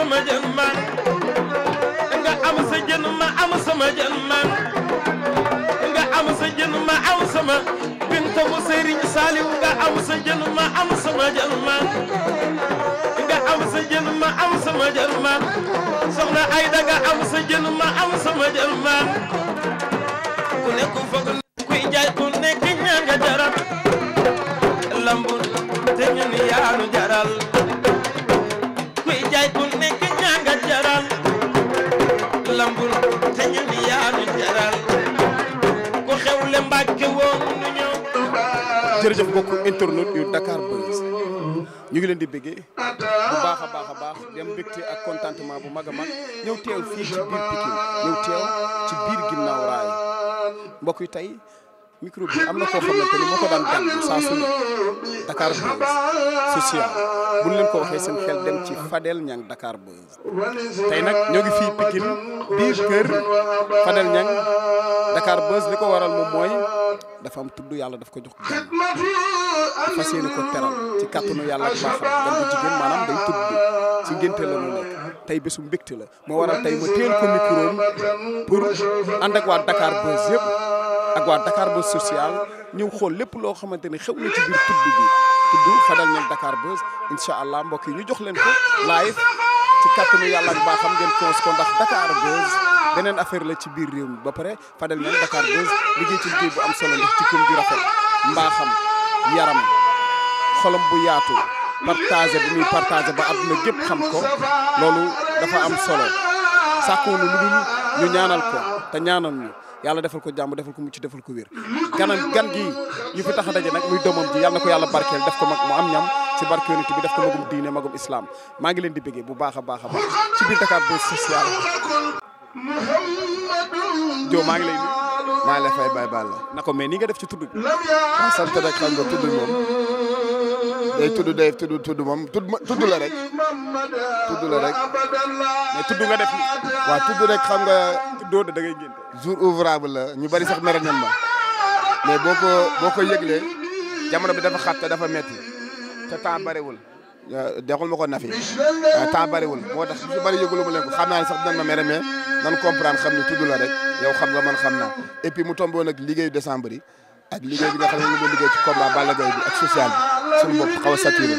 sama jën man nga am sa jën ma am sama jën man nga am sa jën ma am sama binta mu sëriñ Saaliw nga am sa jën ma am sama jën man nga am sa jën ma am sama jën man soxna Ayda nga am sa jën ma am sama jën man ku nekk foog mbokk internet yu Dakar Buzz ñu ngi leen di bëggee bu baax a baax a baax dem mbégte ak contentement bu mag a mag ñëw teew fii ci biir Pikine ñëw teew ci biir ginnaaw raay mbokk yi tey micro bi am na koo xamante ni moo ko daan gàllankoor saa su ne Dakar Buzz social bu ñu leen ko waxee seen xel dem ci Fadel Niang Dakar Buzz tey nag ñoo ngi fii Pikine biir kër Fadel Niang Dakar Buzz li ko waral moom mooy. dafa am tudd yàlla daf ko jox gan fas yéene ko yàlla ak baaxam gan jigéen maanaam day tudd ci ngénte la ñu nekk tey bésu mbégte la moo waral tey ma teel ko micro pour ànd ak waa Dakar Buzz yëpp ak waa Dakar Buzz social ñëw xool lépp loo xamante ne xew na ci biir tudd bi tudd Fadel Niang Dakar Buzz incha allah mbokk yi ñu jox leen ko live ci kàttanu yàlla ak baaxam ngeen koos ko ndax Dakar Buzz beneen affaire la ci biir réew mi ba pare Fadel mel Dakar Buzz liggéey ci liggéey bu am solo ndax ci këm ju rafet mbaaxam yaram xolam bu yaatu partagé bi muy partagé ba àdduna gépp xam ko loolu dafa am solo sàkkoo lu dul ñu ñaanal ko te ñaanal ñu yàlla defal ko jàmm defal ko ci defal ko wér ganam gan gi ñu fi tax a daje nag muy doomam ji yàlla ko yàlla barkeel def ko mag mu am ñam ci barke yonent bi def ko magum diine magum islam maa ngi leen di bëggee bu a baax a baax ci biir Dakar Buzz social Diop maa ngi lay nuyu. maa ngi lay fay Baye na ko mais ni nga def ci tudd bi. waaw ah, sant rek xam nga tudd moom day tudd day tudd tudd moom ma tudd la rek. tudd la rek. mais tudd nga def waa waaw tudd rek xam nga. tuddoo da ngay génn. jour ouvrable la ñu bari sax mere nañ ma. mais boo ko boo ko yëglee jamono bi dafa xat dafa metti te temps bariwul. dexul ma ko nafi euh, bari wul moo tax su bari yëgulu ma leen ko xam naa ne sax dinañ ma mere mais nan comprendre xam ne tudd la rek yow xam nga man xam naa et mu tombé nag liggéey liggéeyu décembre yi ak liggéey bi nga xam ne ñu ngi liggéey ci combat Balla Gaye bi ak social bi suñu bopp xaw a saturé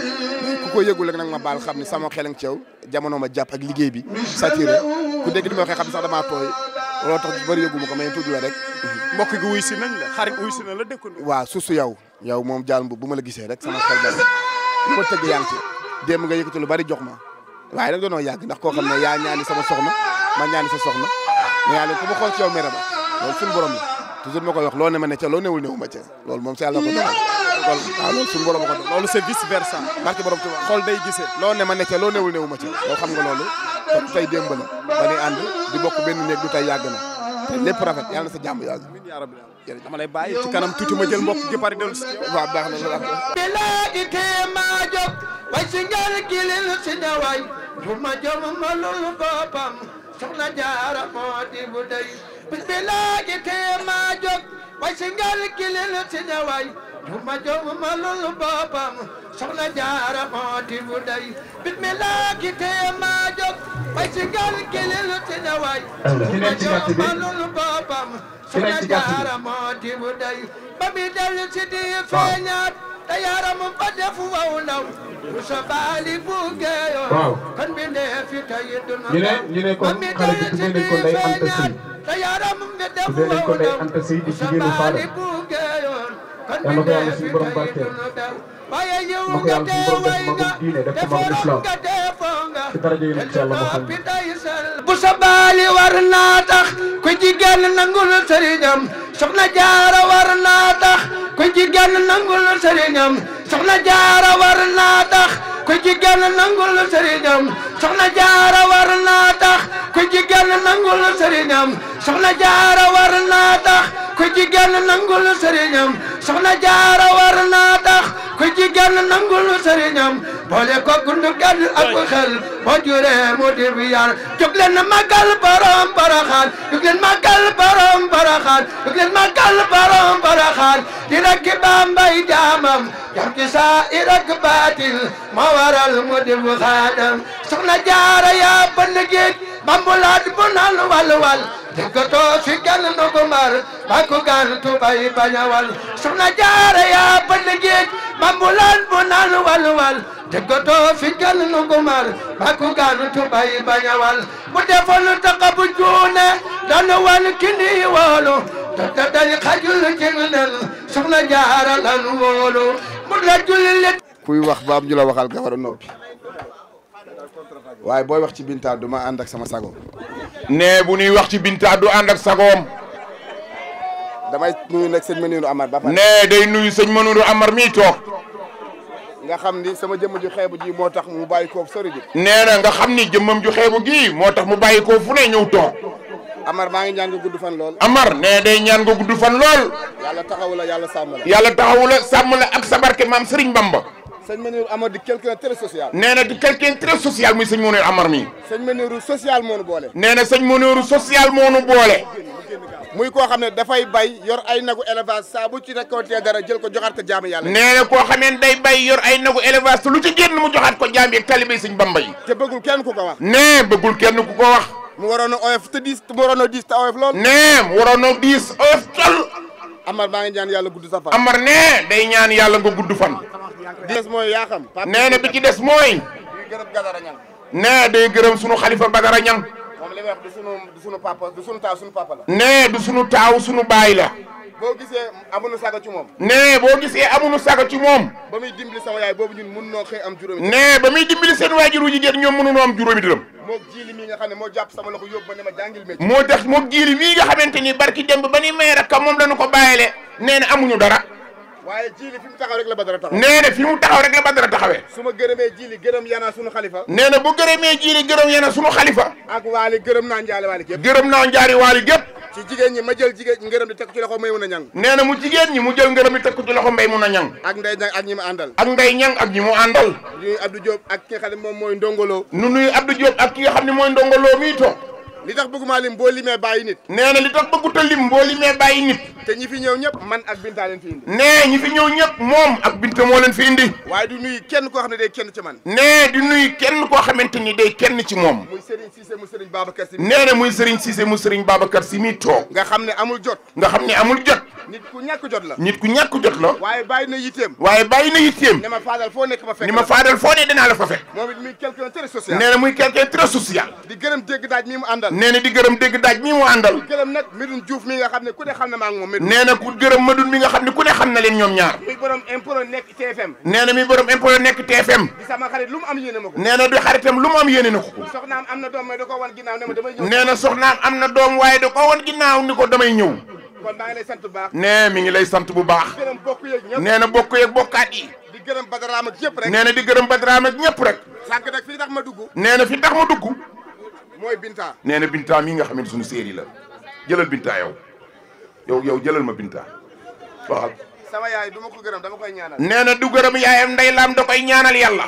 ku ko yëgul rek ma baal xam ne sama xel ci yow jamono ma jàpp ak liggéey bi saturé ku dégg li xam ne sax damaa tooy tax du bëri ma ko mais tudd rek mbokk gi wuy si nañ la xarit wuy si na la dëkkandoo waaw susu yow yow moom jaal bu ma la gisee rek sama xel lu ma tëgg yaa ngi ci démb nga yëkkati lu bari jox ma waaye nag doonoo yàgg ndax koo xam ne yaa ñaani sa soxna mais yàlla ma xool ci yow mere ba loolu suñu borom la toujours ma ne ma ne ca loolu newul newu ma ca loolu moom si yàlla ko dogal loolu waaw loolu suñu a ko dogal loolu ne ma ne ca loolu newul newu ma ca loolu xam nga loolu kon tey démb la ba ñuy di bokk benn néeg du tey yàgg na te lépp rafet yàlla na sa jàmm yàgg jërëjëf dama lay bàyyi ci kanam tuuti ma jël mbokk gi pari dellu si waaw baax na si ngal gilil si daway bu ma jom malul boppam soxna jaara moo di bu day bis bi laagi tee maa jóg way si ngal gilil si daway bu ma jom malul boppam soxna jaara moo di bu day bis bi laagi tee maa jóg way si ngal gilil si daway bu ma jom malul boppam soxna jaara moo di bu day ba mi dellu si di feeñaat te yaramam bu sa baali bugeeyo kon bi ne fi ñu ne ñu ne kon xale bi tuddee nañ ko Ndeye Anta Sy te yaramam bi def waw ndaw bu sa baali bugeeyo kon bi ne fi tayi dun daw waaye yow nga dee way nga te forom nga dee foo nga te bu sa baali war naa ku jigéen nangul sëriñam soxna jaara war naa ku jigéen nangul sëriñam soxna jaara war naa tax ku jigéen nangul sëriñam soxna jaara war naa tax ku jigéen nangul sëriñam soxna jaara war naa tax ku jigéen nangul sëriñam soxna jaara war naa tax ku jigéen nangul sëriñam boole ko gundu gàddu ak xel boo mu di bi yar jóg leen na màggal borom baraxaan jóg leen màggal borom baraxaan jóg leen màggal borom baraxaan di rek bambay jaamam jam ci saa i rek baatil moo waral mu di bu xaadam soxna jaara yaa bënn géej bambulaat bu naan wal wal dëkkato si gan nu gumar bakku gan tubay bañawal soxna jaara yaa bënn géej mambulan bu naan walwal dëkkato si gan nu gumar bakku gan tubay bañawal bu defal taqa bu juune danu wal kindi woolu tata day xajul ci nen soxna jaara lan woolu mu la julli kuy wax baam ju waxal nga war a waaye booy wax ci Binta du ma ànd ak sama sago. nee bu ñuy wax ci Binta du ànd ak sagoom. damay nuyu nag sëñ Manirou Amar nee day nuyu sëñ Manirou Amar mii toog. nga xam ni sama jëmm ju xeebu ji moo tax mu bàyyi koo sori ji. nee na nga xam ni jëmmam moo tax mu koo fu ne ñëw toog. Amar maa ngi ñaan nga gudd fan lool. yàlla taxawu la yàlla sàmm la. yàlla taxawu la sàmm la ak sa barke maam Serigne Bamba. sëñ Manirou Amar di quelqu'un très social. nee na di quelqu'un très social muy sëñ Manirou Amar mii. sëñ Manirou social moo nu boole. nee na sëñ social moo nu boole. muy koo xam ne dafay bay yor ay nagu élevage saa bu ci récolté dara jël ko joxaat ko jaamu yàlla. nee na koo xameen day bay lu ci génn mu joxaat ko jaam yeeg talibé sëñ Bamba te bëggul kenn ku ko wax. nee bëggul kenn ku ko wax. mu waroon a oyof te diis te oyof lool. nee mu waroon diis oyof tol Amar maa ngi ñaan yàlla gudd sa fan. Amar nee day ñaan yàlla nga gudd fan. di des mooy yaa xam. nee na bi ci des mooy. nee day gërëm sunu xalifa Badara Ñang. moom li may wax du sunu du sunu nee du sunu taaw sunu baay la. boo gisee amuñu saga ci moom. nee boo gisee amuñu saga ci moom. ba muy dimbali sama yaay boobu ñun mënuñoo xëy am juróomi. nee ba muy dimbali seen waajur wu jigéen ñoom mënuñoo am juróomi dërëm. moo jiili mii nga ma ne ma jàngil métier. moo tax moo jiili mii nga xamante barki démb ba ni may rakka moom dañu ko bàyyile nee na amuñu dara. waaye jiili fi mu taxaw rek la Badara taxawee. nee na fi mu taxaw rek la Badara taxawee. su ma gërëmee jiili gërëm yana sunu xalifa. nee na bu gërëmee jiili gërëm yana sunu xalifa. ak waali gërëm naa njaali waali gépp. naa njaari waali gépp ci jigéen ñi ma jël jigéen ngërëm di tekk ci loxo may mun a ñang nee na mu jigéen ñi mu jël ngërëm di tekk ci loxo mbay mun a ñang ak nday ñang ak ñi mu àndal ak nday ñang ak ñi mu àndal nuyu Abdou Diop ak ki nga moom mooy ndongoloo nu nuyu Abdou Diop ak ki nga xam ne mooy ndongoloo mii to li tax bëgguma lim boo limee bàyyi nit nee na li tax bëgguta lim boo limee bàyyi nit te ñi fi ñëw ñëpp man ak bintaa leen fi indi nee ñi fi ñëw ñëpp moom ak binta moo leen fi indi waaye du nuyu kenn koo xam ne day kenn ci man nee di nuyu kenn koo xamante ni day kenn ci moom muy Serigne Cissé mu Serigne Babacar si nee na muy Serigne Cissé mu Serigne Babacar si muy toog nga xam ne amul jot nga xam ne amul jot nit ku ñàkk jot la. nit ku ñàkk jot la. waaye bàyyi na yitteem. waaye bàyyi na yitteem. ni ma faadal foo nekk ma fekk ni ma faadal foo ne dinaa la fa fekk. moom muy quelqu'un très social. di gërëm dégg daaj mi mu àndal. nee na di gërëm dégg daaj mi mu àndal. di nag Medoune Diouf mi nga xam ne ku ne xam na maa ngi moom. nee na ku gërëm Medoune mi nga xam ne ku ne xam na leen ñoom ñaar. muy borom impro nekk TFM. nee na muy borom impro nekk TFM. di sama mu am yéene nee na du xaritam lu mu am yéene na ko. soxnaam am na doom waaye da ko wan ginnaaw ne na soxnaam am na doom waaye da ko wan ginnaaw ni ko damay ñëw kon maa sant bu baax. nee mi ngi lay sant bu baax. nee na bokk yeeg bokkaat yi. di gërëm badaraam ak ñëpp rek. nee ne di gërëm badaraam ak ñëpp rek. sànq nag fi tax ma dugg. nee na fi tax ma dugg. mooy Binta. nee na Binta mii nga xam sunu suñu séeri la jëlal Binta yow yow yow jëlal ma Binta waxal. sama yaay ko gërëm dama koy ñaanal. nee na du gërëm yaayam ndeylaam da koy ñaanal yàlla.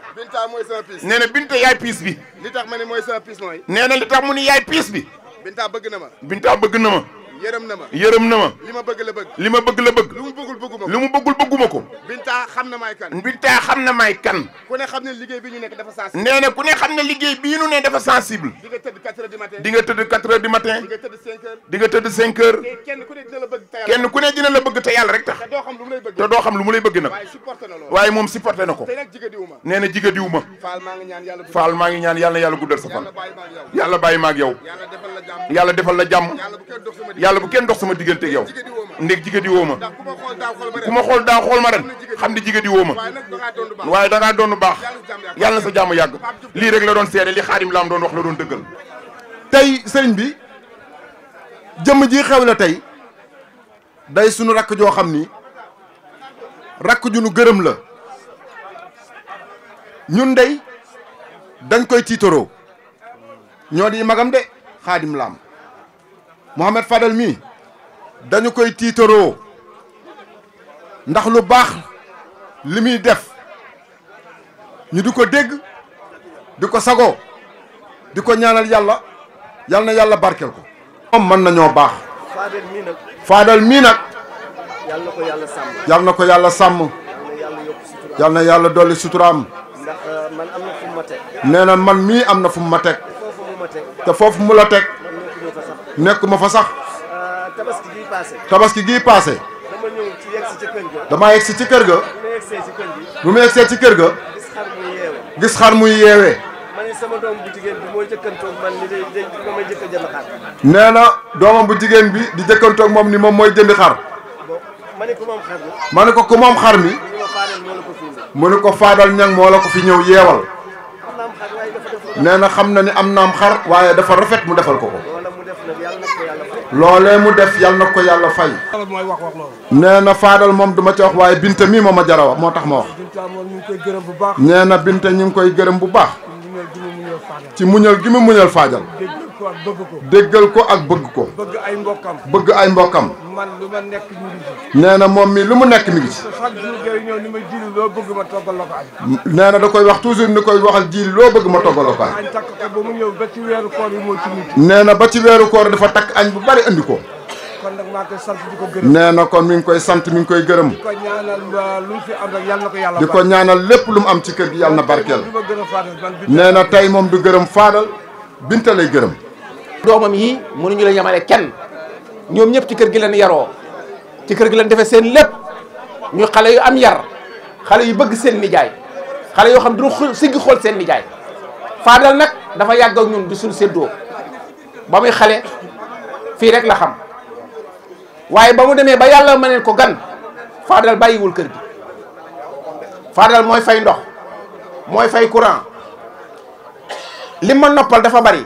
Binta mooy sama piis. nee na Binta yaay piis bi. li tax ma ne mooy sama piis mooy. nee na li tax mu ni yaay piis bi. Binta bëgg na ma. Binta bëgg na ma. yërëm na ma li ma bëgg la bëgg lu mu bëggul bëgguma ko lu xam na maay kan bintaa ku ne xam ne liggéey bii ñu ne dafa sensible di tëdd quatre heures di matin di tëdd cinq heures kenn ku ne dina la bëgg te yàlla rek tax te doo xam lu mu lay bëgg nag waaye moom supporté na ko nee na faal maa ngi ñaan yàlla yàlla guddal sa yàlla bàyyi maag yow yàlla defal la jàmm yàlla bu kenn dox sama diggante ak yow ndég jigéen di woo ma ku ma xool daaw xool ma ren xam ne jigéen di woo ma waaye da ngaa doon baax yàlla na sa jàmm yàgg lii rek la doon seede li xaadim laam doon wax la doon dëggal tey sëriñ bi jëmm ji xew la tey day sunu rakk joo xam ni rakk ju nu gërëm la ñun dey dañ koy tiitaroo ñoo di magam de xaadim Mouhamed fadal mii dañu koy tiitaroo ndax lu baax li muy def ñu di ko dégg di ko sagoo di ko ñaanal yàlla yàlla na yàlla barkeel ko moom mën nañoo baax Fadel mii nag Fadel mii nag yàlla na ko yàlla sàmm yàlla na ko yàlla sàmm yàlla na yàlla dolli suturaam euh, man am na fu mu ma nee na man mii am na fu mu ma teg te foofu mu la teg nekkuma fa sax. tabaski gii paase. tabaski gii paase. dama ñëw ci yegsi ci kër ga. dama yegsi ci kër ga. bu ma yegsee ci kër gi. bu ma yegsee kër ga. gis xar muy yeewee. gis xar muy yeewee. sama doom bu jigéen bi mooy jëkkantoog man a jënd xar. nee na doomam bu jigéen bi di jëkkantoog moom ni moom mooy jëndi xar. bon ne ko moom xar mi. ne ko ku moom xar mi. mu ne ko faadal ñang moo la ko fi ñëw yeewal. nee na xam na ni am naam xar waaye dafa rafet mu defal ko ko. loole mu def yal na ko yàlla fay. nee na faadal moom duma ma ci wax waaye Binta mii moo ma jara wax moo tax ma wax. nee na Binta ñu ngi koy gërëm bu baax. ci muñal gi mu muñal faajal. ko ak ko. déggal ko ak bëgg ko. bëgg ay mbokkam. bëgg ay mbokkam. man lu ma nekk mi nee na moom mi lu mu nekk mi ngi ci. chaque ma jiili loo bëgg ma toggal la nee na da koy wax toujours ni koy waxal jiili loo bëgg ma toggal la ko añ. takk ko ba mu ñëw ba ci weeru koor yi moo ci mujj. nee na ba ci weeru koor dafa takk añ bu bari indi ko. kon nag maa sant di ko gërëm. nee na kon mi ngi koy sant mi ngi koy gërëm. di ko uh, lu mu fi am yàlla ko yàlla. di ko ñaanal lépp lu mu am ci kër gi yàlla na barkeel. nee na tey moom du gërëm faadal binta lay gërëm. doomam yi mënuñu la yemale kenn ñoom ñëpp ci kër gi leen yaroo ci kër gi leen defee seen lépp ñu xale yu am yar xale yu bëgg seen nijaay xale yoo xam du siggi xool seen nijaay Fadel nag dafa yàgg ak ñun du suñ séddoo ba muy xale fii rek la xam waaye ba mu demee ba yàlla ma neen ko gan Fadel bàyyiwul kër gi Fadel mooy fay ndox mooy fay courant li ma noppal dafa bari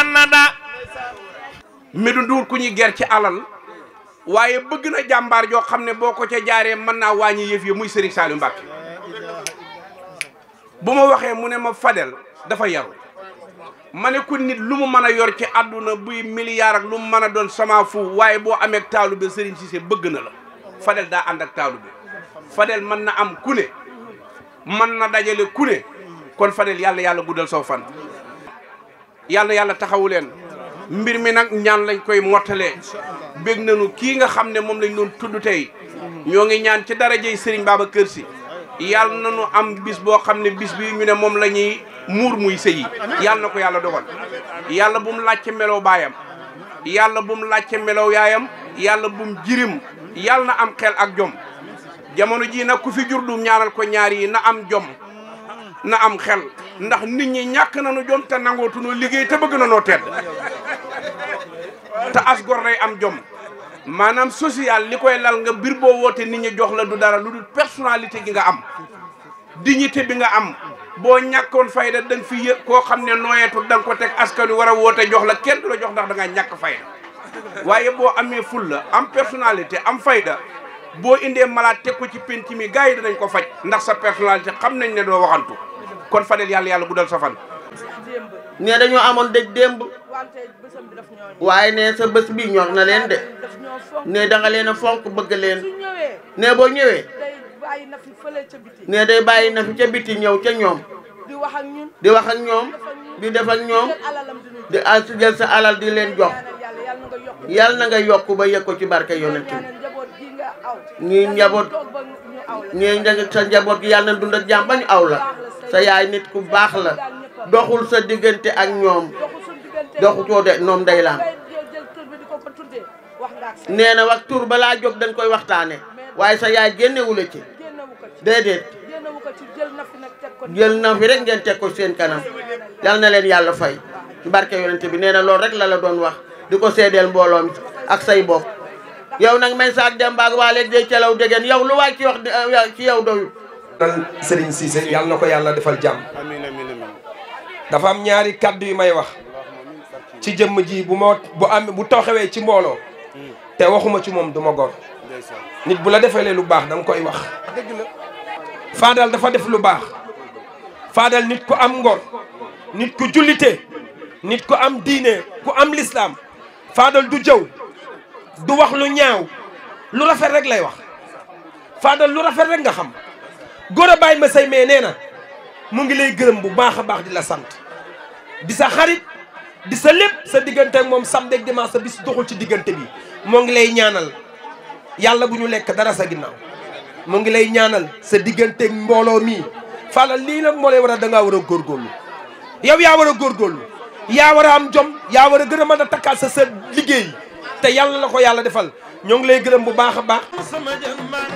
Canada Médou Ndour ku ñuy ger ci alal waaye bëgg na jàmbaar joo xam ne boo ko ca jaaree mën naa wàññi yëf muy Serigne Saliou Mbacké bu ma waxee mu ne ma Fadel dafa yaru ma ne ku nit lu mu mën a yor ci àdduna buy milliard ak lu mu mën a doon sama fu waaye boo amee ak taalu bi Serigne bëgg na la Fadel daa ànd ak taalu Fadel mën na am ku ne na dajale ku kon Fadel yàlla yàlla guddal soo fan yàlla yàlla taxawu leen mbir mi nag ñaan lañ koy mottalee bég nañu kii nga xam ne moom lañ doon tudd tey ñoo ngi ñaan ci darajey kër si Sy na nañu am bis boo xam ne bis bi ñu ne moom la ñuy muur muy sëyi yàlla na ko yàlla dogal yàlla bu laaj laajte melow baayam yàlla bu mu laajte melow yaayam yàlla bum mu jirim yàlla na am xel ak jom jamono ji nag ku fi jur du ñaanal ko ñaar yi na am jom na am xel ndax nit ñi ñàkk na nañu jom te nangootunoo liggéey te bëgg nañoo tedd te as gor am jom maanaam social li koy lal nga bir boo woote nit ñi jox la du dara lu dul personnalité gi nga am di dignité bi nga am boo ñàkkoon fayda da nga fi yëg koo xam ne nooyeetul da nga ko teg askan wi war a woote jox la kenn du la jox ndax danga ñàkk fayda waaye boo amee ful la am personnalité am fayda boo indee malaat teg ko ci penc mi gars yi danañ ko faj ndax sa personnalité xam nañ ne doo waxantu kon Fadel yàlla yàlla guddal sa fan. ne dañoo amoon dëj démb waaye ne sa bës bi ñor na leen de ne da nga leen a fonk bëgg leen ne boo ñëwee ne day bàyyi na fi ca biti ñëw ca ñoom di wax ak ñoom di def ak ñoom di jël sa alal di leen jox yàlla na nga yokk ba yëg ko ci barke yonent bi ñuy njaboot ñuy njëkk sa njaboot gi yàlla na dund aw la sa yaay nit ku baax la doxul sa diggante ak ñoom doxu too de noom day laam nee na wax tur balaa jóg dañ koy waxtaane waaye sa yaay génnewu la ci déedéet jël na fi rek ngeen teg ko seen kanam yal na leen yàlla fay ci barke yonente bi nee na loolu rek lala doon wax di ko seedeel mbooloom ak say bopp yow nag men saak dembaag waa leeg day celaw dégeen yow lu waay ci wax ci yow doyul nan Serigne Cissé yàlla na ko yàlla defal jàmm dafa am ñaari kàddu yu may wax ci jëmm ji bu ma bu am bu tooxewee ci mbooloo hmm. te waxuma ci moom du ma gor nit bu la defalee lu baax da koy wax faadal dafa def lu baax Fadal nit ku am ngor nit ku jullite nit ku am diine ku am lislaam faadal du jëw du wax lu ñaaw lu rafet rek lay wax Fadal lu rafet rek nga xam góor a bàyyi ma say mais nee na mu ngi lay gërëm bu baax a baax di la sant di sa xarit di sa lépp sa diggante ak moom samedi ak dimanche sa bis doxul ci diggante bi moo ngi lay ñaanal yàlla gu ñu lekk dara sa ginnaaw mu ngi lay ñaanal sa diggante ak mbooloo mii Fadal lii nag moo lay war a dangaa war a góor góorgóorlu yow yaa war a góor góorgóorlu yaa war a am jom yaa war a gën a mën a takkaat sa sa liggéey te yàlla la ko yàlla defal ñoo ngi lay gërëm bu baax a baax. sama jën man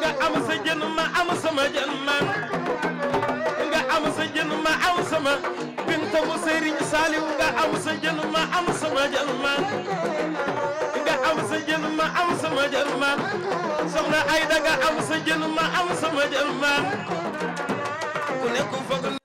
nga am sa jën ma am sama jën man nga am sa jën ma am sama binta mu sëriñ Saaliw nga am sa jën ma am sama jën man nga am sa jën ma am sama jën man soxna Ayda nga am sa jën ma am sama jën man ku nekk foog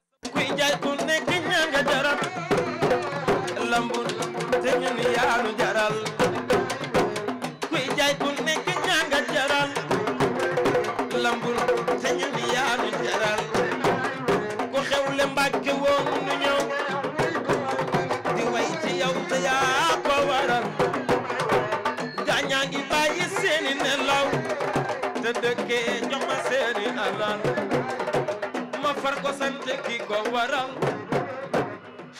seeni nelaw te dëkkee jox ma seeni alal ma far ko sant ki ko waral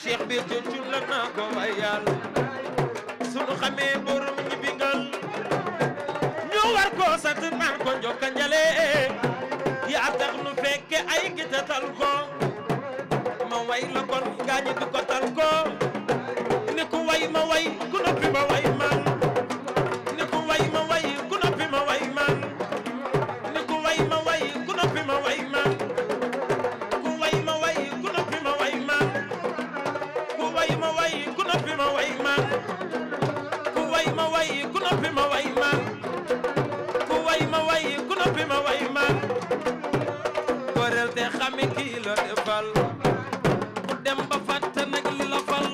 cheikh bi xamee borom ñi bingal ñu war ko sant naan ko njokka njale yaa tax nu fekke ay gita tal ko ma way la kon gaañi du ko tal ni ku way ma way ku noppi ma way noppi ma way man ku way ma way ku noppi ma way man goreel te xami kii la ku dem ba fàtte nag li la fal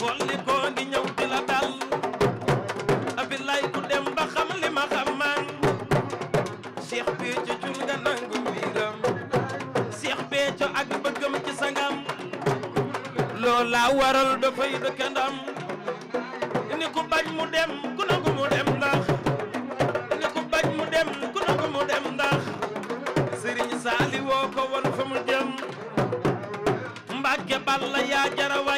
folli ko di ñëw di la dal abilay ku dem ba xam li ma xam man Cheikh bi ci jul nangu mbiram Cheikh Béthio ak bëggam ci sangam loola waral dafay dëkkandam Balla yaa jara